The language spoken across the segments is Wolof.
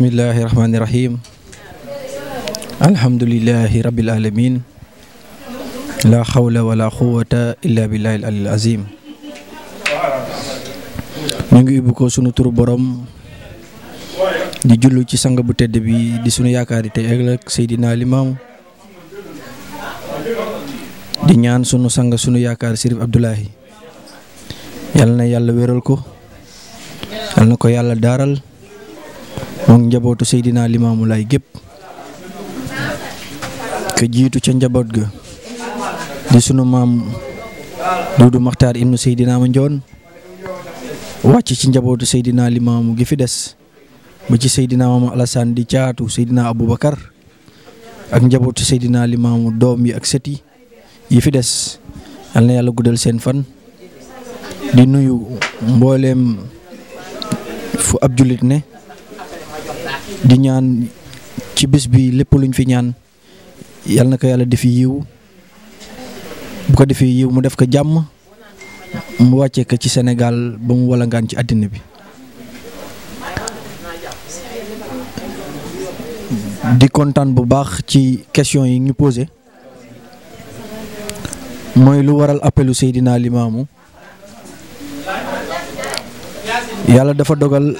bismillahi rahmaani rahim alhamdulilahi rabil alamin la xawla wala quwata illa billahi alil azim ñu ngi ubbi ko sunu turu boroom di jullu ci sang bu tedd bi di sunu yaakaar tey ëllëg Seydina Limaamu di ñaan sunu sang sunu yaakaar Sërif Abdoulahi yal na yàlla wéral ko yal na ko yàlla daaral moom njabootu Seydina Limaamu Laay gépp ka jiitu ca njaboot ga di sunu maam Duudu Maxtaar ibnu Seydina Ma Njoon wàcc ci njabootu Seydina Limaamu gi fi des ba ci Seydina Maam Alasaan di caatu Seydina Aboubacar ak njabootu seydinaa Limaamu doom yi ak sët yi fi des yal na yàlla guddal seen fan di nuyu mbooleem fu ab jullit ne di ñaan ci bis bi lépp lu ñu fi ñaan yal na ko yàlla defi yiw bu ko defee yiw mu def ko jàmm mu wàccee ko ci senegal ba mu walangaan ci àddina bi di kontaan bu baax ci question yi ñu posé mooy lu waral appelu Seydina Limaamu yàlla dafa dogal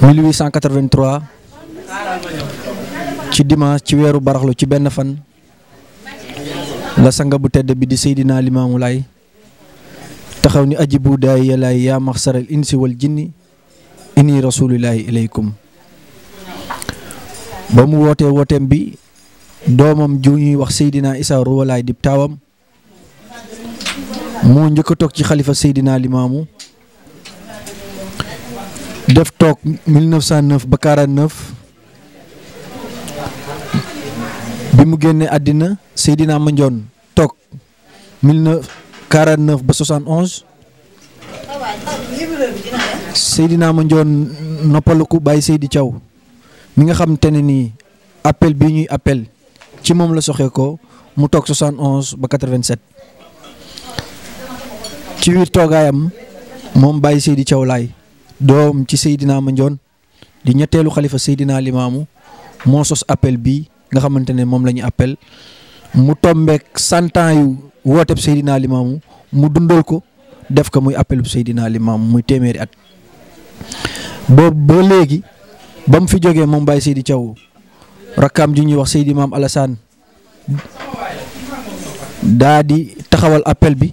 1883 ci dimanche ci weeru baraxlu ci benn fan la sanga bu tedd bi di Seydina Limaamu Laay taxaw ni aji bu yaa maxsaral insi jinni inni rasuulillaahi ilaykum ba mu wootee wooteem bi doomam ju ñuy wax Seydina Isa Ruwalaay di taawam moo njëkk a toog ci xalifa Seydina Limaamu def toog 1909 ba 49 bi mu génnee àddina Seydina Mandione toog 1949 ba 71 Seydina Mandione noppaliku bàyyi Seydi caw mi nga xam te ne nii appel bi ñuy appel ci moom la soxee ko mu toog 71 ba 87 ci biir toogaayam moom bàyyi Seydi Thiaw doom ci Seydina Mandione di ñetteelu xalifa Seydina Limaamu moo sos appel bi nga xamante ne moom la ñu appel mu tombeek cent ans yu wooteb mu dundal ko def ko muy appel bu Seydina Limaamu muy téeméeri at boobu ba léegi ba mu fi jógee moom Baye Seydi Thiaw rakkaam ju ñuy wax Seydi Maam Alassane daa di taxawal appel bi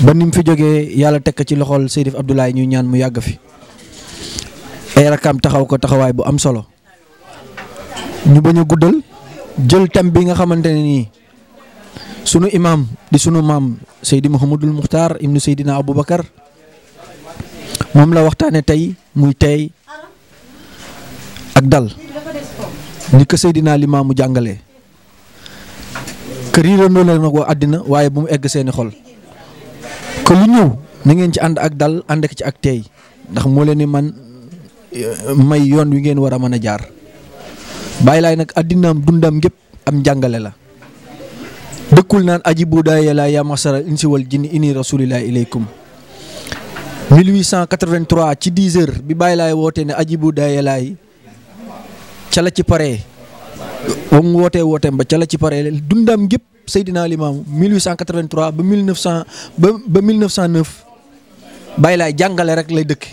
ba ni mu fi jógee yàlla teg ci loxol Seydif Abdoulaye ñuy ñaan mu yàgg fi ay rakam taxaw ko taxawaay bu am solo ñu bañ a guddal jël thème bi nga xamante ne nii sunu imaam di sunu maam Seydi Mouhamadul Muxtaar ibnu Seydina Aboubacar moom la waxtaane tey muy tey ak dal ni ko Seydina Limaamu jàngale kër yi rëndoo na ko àddina waaye bu mu egg seeni xol. ko lu ñëw na ngeen ci ànd ak dal ànd ak ci ak teey ndax moo leen ni man euh, may yoon wi ngeen war a mën a jaar bàyyi laay nag addinaam dundam gépp am njàngale la dëkkul naan aji bu daayee laa yaa masara insi wal jinni inni rasulillahi ilaykum 1883 ci 10 bi bàyyi laay woote ne aji bu daayee laay ca la ci pare ba mu wootee wooteem ba ca la ci paree dundam gépp Seydina Limaamu 1883 ba 1900 ba ba 1909 Baye Laye jàngale rek lay dëkk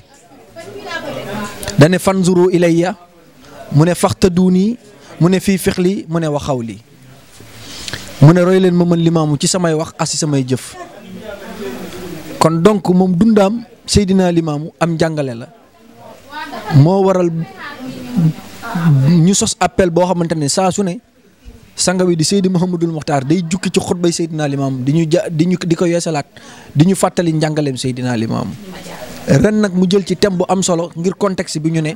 da ne fanzuru ilayya mu ne fax faxtaduuni mu ne fii fixli mu ne waxaw lii mu ne roy leen ma mën limaamu ci samay wax assi samay jëf kon donc moom dundaam Seydina Limaamu am jàngale la moo waral ñu sos appel boo xamante ne saa su ne sanga bi di Seydi Mouhamadul Mokhtar day jukki ci xutbay Seydina Limaamu di ñu ja di ñu di ko yeesalaat di ñu fàttali njàngaleem seydinaa Limaamu ren nag mu jël ci thème bu am solo ngir contexte bi ñu ne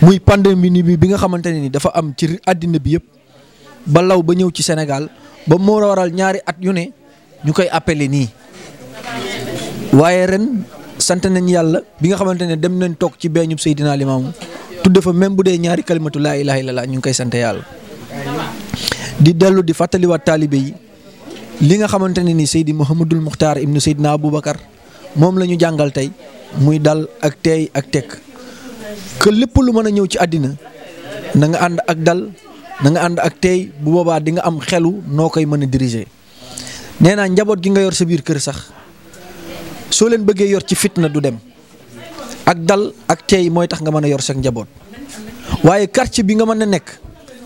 muy pandémie ni bi bi nga xamante ne ni dafa am ci àddina bi yëpp ba law ba ñëw ci Sénégal ba moo waral ñaari at yu ne ñu koy appelé nii waaye ren sant nañ yàlla bi nga xamante ne dem nañ toog ci beeñub Seydina Limaamu tudde fa même bu dee ñaari kalimatu laa ilaaha ñu ngi koy sant yàlla. di dellu di fàttaliwaat taalibe yi li nga xamante ne ni Seydi Mouhamadul Muxtaar ibnu Seydina Aboubacar moom lañu jàngal tey muy dal ak teey ak tekk que lépp lu mën a ñëw ci àddina na nga ànd ak dal na nga ànd ak teey bu boobaa di nga am xelu noo koy mën a diriger. nee naa njaboot gi nga yor sa biir kër sax soo leen bëggee yor ci fitna du dem ak dal ak teey mooy tax nga mën a yor sa njaboot waaye quartier bi nga mën a nekk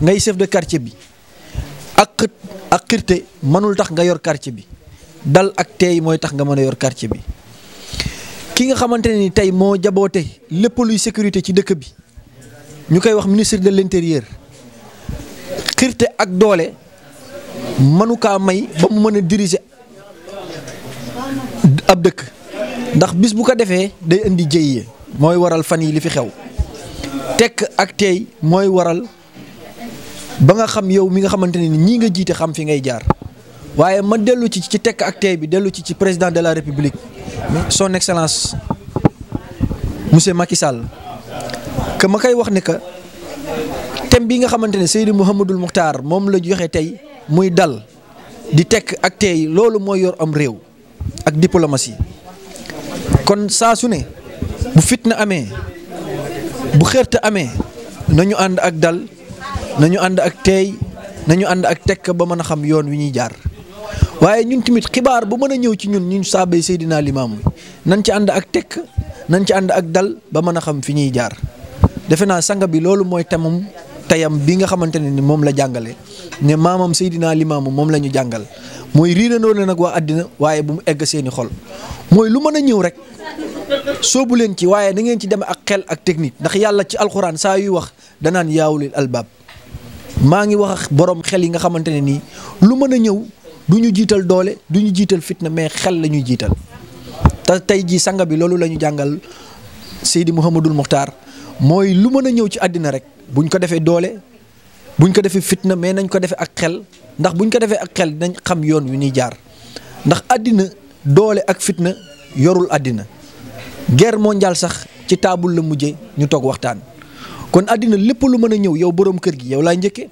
ngay chef de quartier bi. ak xët ak xirte mënul tax nga yor quartier bi dal ak teey mooy tax nga mën a yor quartier bi ki nga xamante ne ni tey moo jaboote lépp luy sécurité ci dëkk bi ñu koy wax ministre de l'intérieur xirte ak doole mënu kaa may ba mu mën a diriger ab dëkk ndax bis bu ko defee day indi jëye mooy waral fan yi li fi xew tekk ak teey mooy waral ba nga xam yow mi nga xamante ni ñii nga jiite xam fi ngay jaar waaye ma dellu ci ci tekk ak tey bi dellu ci ci président de la république son excellence monsieur Macky Sall que ma koy wax ne que thème bi nga xamante ne Seydou Mouhamadul Mukhtar moom la joxe tey muy dal di tekk ak tey loolu mooy yor am réew ak diplomatie kon saa su ne bu fitna amee bu xërte amee ñu ànd ak dal. nañu ànd ak teey nañu ànd ak tekk ba mën a xam yoon wi ñuy jaar waaye ñun tamit xibaar bu mën a ñëw ci ñun ñun saabay Seydina Limaamu nañ ci ànd ak tekk nañ ci ànd ak dal ba mën a xam fi ñuy jaar defe naa sanga bi loolu mooy tamam tayam bi nga xamante ne ni moom la jàngale ne maamam Seydina Limaamu moom la ñu jàngal mooy riiranoo ne nag waa àddina waaye bu mu egg seeni xol mooy lu mën a ñëw rek soobu leen ci waaye na ngeen ci dem ak xel ak technique ndax yàlla ci alxuraan saa yuy wax danaan yaawulil albaab maa ngi wax borom xel yi nga xamante ne nii lu mën a ñëw du ñu jiital doole du ñu jiital fitna mais xel la ñuy jiital te tey jii sanga bi loolu la jàngal Seydi Mouhamadul Muxtaar mooy lu mën a ñëw ci àddina rek buñ ko defee doole buñ ko defee fitna mais nañ ko defee ak xel ndax bu ñu ko defee ak xel dinañ xam yoon wi ñuy jaar ndax àddina doole ak fitna yorul àddina guerre mondiale sax ci taabul la mujje ñu toog waxtaan. kon àddina lépp lu mën a ñëw yow borom kër gi yow laa njëkkee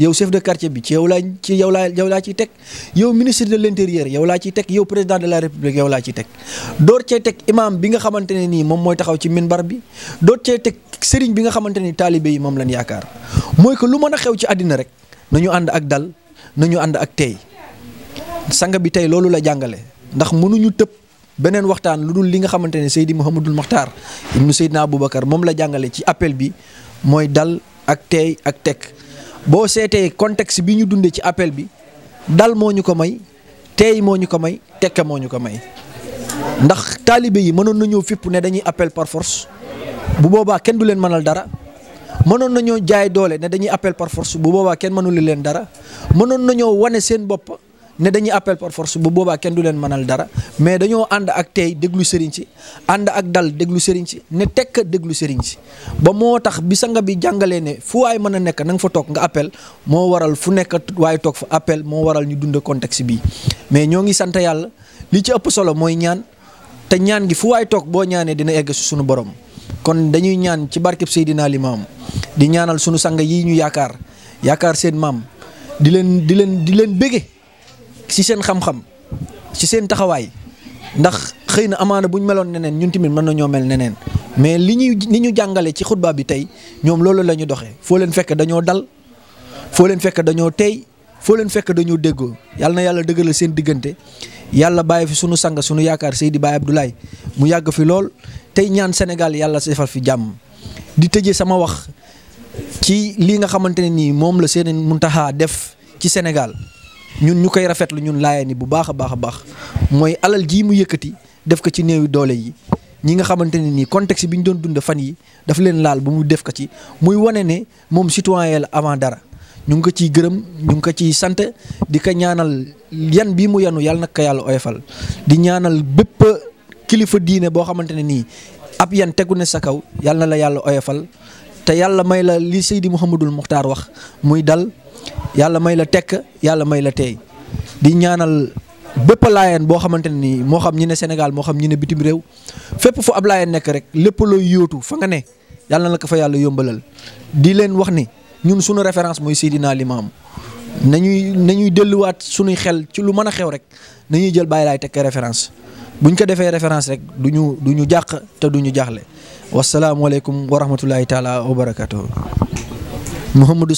yow chef de quartier bi ci yow laa ci yow laa yow laa ciy teg yow ministre de l'intérieur yow laa ciy teg yow président de la république yow laa ciy teg door cee teg imam bi nga xamante ne nii moom mooy taxaw ci minbar bi door cee teg sëriñ bi nga xamante ni taalibe yi moom lañ yaakaar mooy que lu mën a xew ci àddina rek na ñu ànd ak dal na ñu ànd ak tey sanga bi tey loolu la jàngale ndax mënuñu tëb beneen waxtaan lu dul li nga xamante ne Seydi Mouhamadul Mokhtar ibnu Seydina Aboubacar moom la jàngale ci appel bi mooy dal ak teey ak tekk boo seetee contexte bi ñu dundee ci appel bi dal moo ñu ko may teey moo ñu ko may tekk moo ñu ko may ndax taalibe yi mënoon na ñëw fipp ne dañuy appel par force bu boobaa kenn du leen mënal dara mënoon nañoo jaay doole ne dañuy appel par force bu boobaa kenn mënul leen dara mënoon na nañoo wane seen bopp ne dañuy appel par force bu boobaa kenn du leen mënal dara mais dañoo ànd ak tey déglu sëriñ si ànd ak dal déglu sëriñ si ne tekk déglu sëriñ si ba moo tax bi sanga bi jàngalee ne fu waay mën a nekk na fa toog nga appel moo waral fu nekk waay toog fa appel moo waral ñu dund contexte bi mais ñoo ngi sant yàlla li ci ëpp solo mooy ñaan te ñaan gi fu waay toog boo ñaanee dina egg si suñu borom kon dañuy ñaan ci barkeb Seydina Limaam di ñaanal sunu sang yii ñu yaakaar yaakaar seen maam di leen di leen di leen bége ci seen xam-xam ci seen taxawaay ndax xëy na amaana bu ñu meloon neneen ñun tamit mën nañoo mel neneen mais li ñuy li ñu jàngale ci xutba bi tey ñoom loolu la ñu doxee foo leen fekk dañoo dal foo leen fekk dañoo tey foo leen fekk dañoo déggoo yàlla na yàlla dëgëral seen diggante yàlla bàyyi fi sunu sang sunu yaakaar Seydi Baye Abdoulaye mu yàgg fi lool tey ñaan Sénégal yàlla defal fi jàmm di tëje sama wax ci lii nga xamante ne nii moom la seen Muntaxa def ci Sénégal ñun ñu koy rafetlu ñun laayeen nii bu baax a baax a baax mooy alal jii mu yëkkati def ko ci néewi doole yi ñi nga xamante ne nii contexte bi ñu doon dund fan yi daf leen laal ba mu def ko ci muy wane ne moom citoyen la avant dara ñu ngi ko ciy gërëm ñu ngi ko ciy sant di ko ñaanal yan bii mu yanu yàlla na ko yàlla oyofal di ñaanal bépp kilifa diine boo xamante ne nii ab yan tegu ne sa kaw yàlla na la yàlla oyofal te yàlla may la li Seydi Mouhamadul Muxtaar wax muy dal yàlla may la tekk yàlla may la teey di ñaanal bépp laayeen boo xamante ne nii moo xam ñi ne Sénégal moo xam ñi ne bitim réew fépp fu ab laayeen nekk rek lépp looy yootu fa nga ne yàlla na ko fa yàlla yombalal di leen wax ni ñun suñu référence mooy Seydina Limaamu nañuy nañuy delluwaat suñuy xel ci lu mën a xew rek nañuy jël Baay Laay tekk référence bu buñ ko defee référence rek du ñu du ñu jàq te du ñu jaaxle wasalaamualeykum wa rahmatullahi taala wa barakatuhu Mouhamadou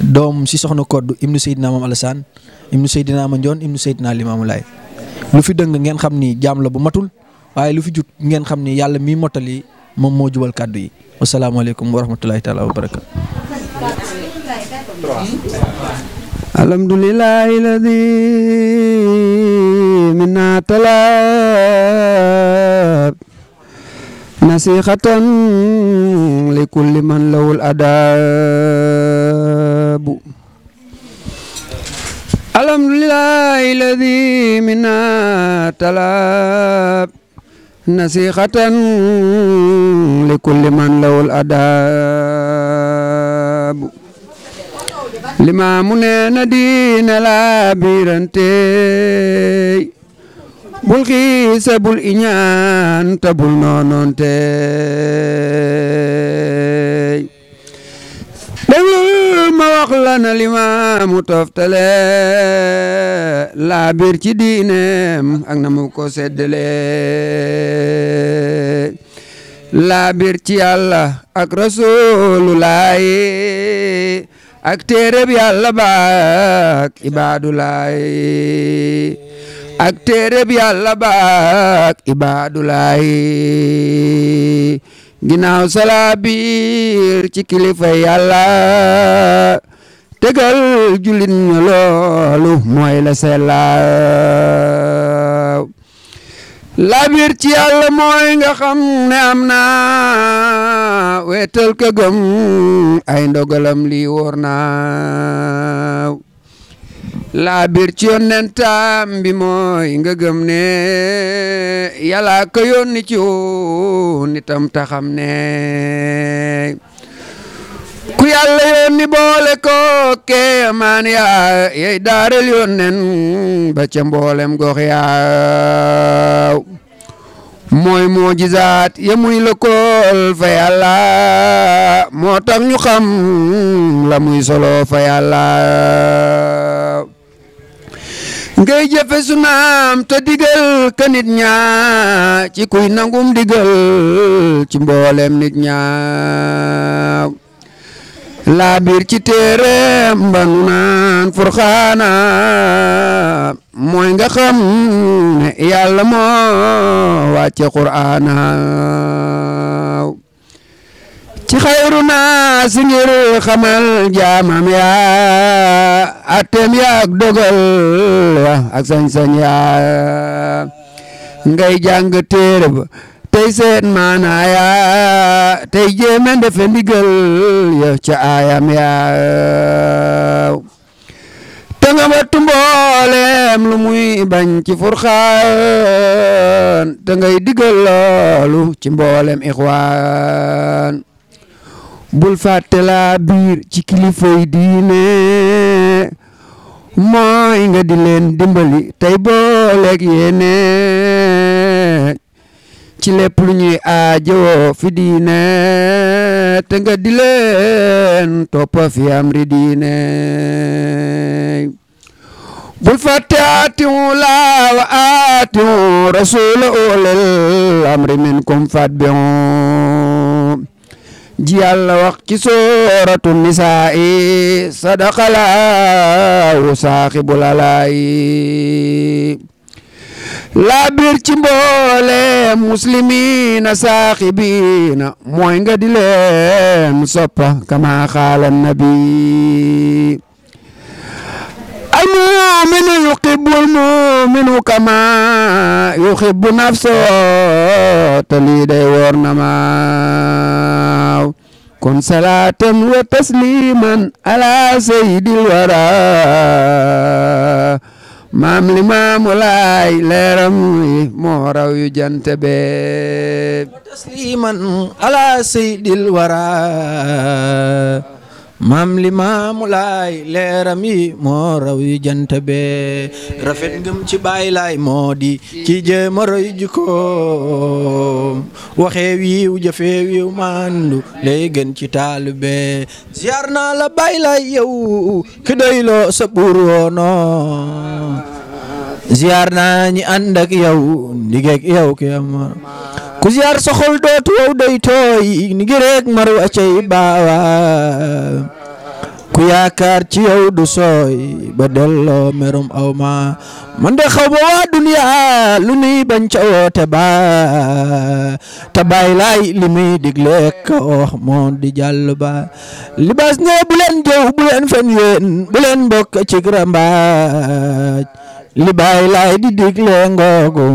doom si soxna Koddu ibnu Seydina Maam Alassane ibnu Seydina Ama Ndione ibnu Seydina Limaamu Laay lu fi dëng ngeen xam ni jaam la bu matul waaye lu fi jut ngeen xam ni yàlla mi mottali moom moo jubal kàddu yi wasalaamaaleykum wa rahmatulahi taala wa barakaatu. li kulli man lawul adab له الحمد لله الذي منا تلاب نسيخة لكل من له الأداب لما منين دين لا بيرنتي bul xiise bul iñaan te bul noonoon tey lana limaamu ci diineem ak na mu ko seddale laa biir ci yàlla ak rasuulu laayi ak téereb yàlla ba ibaadu laayi ak téereb yàlla ba ak ibaadu laayi ginnaaw salaa biir ci kilifa yàlla tegal jullit ñu loolu mooy la sellaaw labir ci yàlla mooy nga xam ne am naa weetal ka gëm ay ndogalam lii wóor naaw laabir ci yonentam bi mooy nga gëm ne yàlla ko yónni ci nitam ta xam ne ku yàlla yónni boole ko keemaan yaa yey daarel yónnen ba ca mboolem gox yaaw mooy moojizaat ya muy lëkkool fa yàlla moo tax ñu xam la muy solo fa yàlla ngay jëfe su naam te digal ka nit ñaa ci kuy nangum digal ci mboolem nit ñaa la biir ci téereem ba nu naan furxaana nga xam ne yàlla moo wàcce qur'aana ci xayru naa si ngir xamal atem yaa dogal wa ak sañ-sañ yaa ngay jàng téere ba tey seen maanaaya tey jéem a def ndigal ya ca aayam yaaw te nga wattu mboolem lu muy bañ ci furxaan te ngay digal loolu ci mboolem ixwaan bul fàtte laa biir ci kilifay diine mooy nga di leen dimbali tey booleeg yéene ci lépp lu ñuy aajowoo fi diine te nga di leen toppa fi amri diine bul fàtte atiu laa wa atiu rasula ulil amri minkum fatbiu ji yàlla wax ci sooratu nisaa'i sadaqalaahu saaxibul alaayi laa biir ci mboole muslimiina saaxibiina mooy nga di leen soppa kama xaala nabi almuminu yuxibu almuminu kama yuxibu nafso lii day woor na maaw wa tasliman ala sayyidil wara maam li maamu laay leeram yi moo raw yu jant yi moo raw yu rafet ngëm ci baay moo di ci jéem a roy jikkoom waxee wiiw jëfee wiiw maandu lay gën ci taalibe ziar naa la baay laay yow ki doyloo sa ziyaar naa ñi ànd ak yow ndigeeg yow ku ziyaar soxol dootu yow day tooy ni gi rek baawa ku yaakaar ci yow du sooy ba delloo merum aw ma man de waa duniya lu nuy bañ woote ba te bàyyi laay li muy digle ka wax moo di jàll ba libaas ne bu leen jëw fen yéen bu leen bokk ci li bàyyi laay di digle ngoogu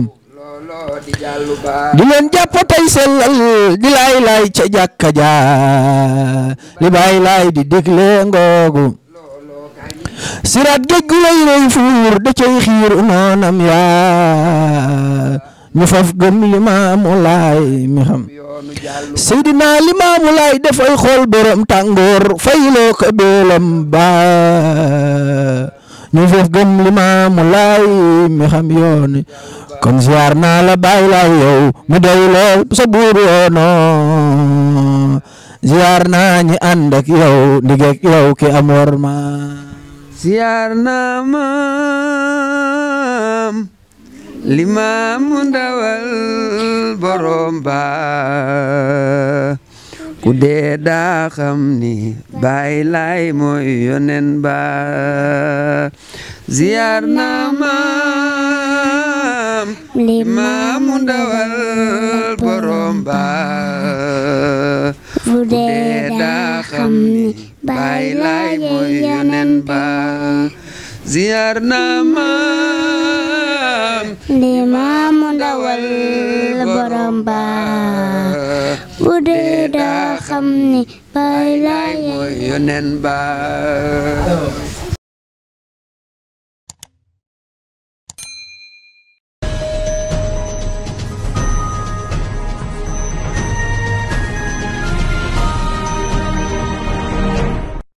di leen jàpp tey sellal di laay laay ca jàkka ja li bàyyi laay di digle ngoogu siraat géej gu lay rëy fuur da cay xiir noonam yaa ñu faf gëm limaamu laay mi xam seydina limaamu laay dafay xool borom tàngoor fayloo ko beelam baa ñu fef gëm limaamu laay mi xam yoon kon ziar naa la bàyyi laay yow mi doy lool sa yoono ziar naa ñi ànd ak yow ndigek yow ki am ma ziar naa maam limaamu ndawal borom ba ku dee daa xam ni bay lay mooy yonen ba ziyaar na maam li maam li maamu ndawal borom ba bu dee daa xam ni bay laay mooy yoneen ba